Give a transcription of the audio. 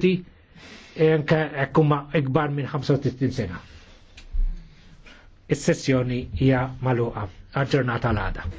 ti kumma ikbar minn 35 sena. Is-sessjoni hija maluqa għal ġurnata l-għada.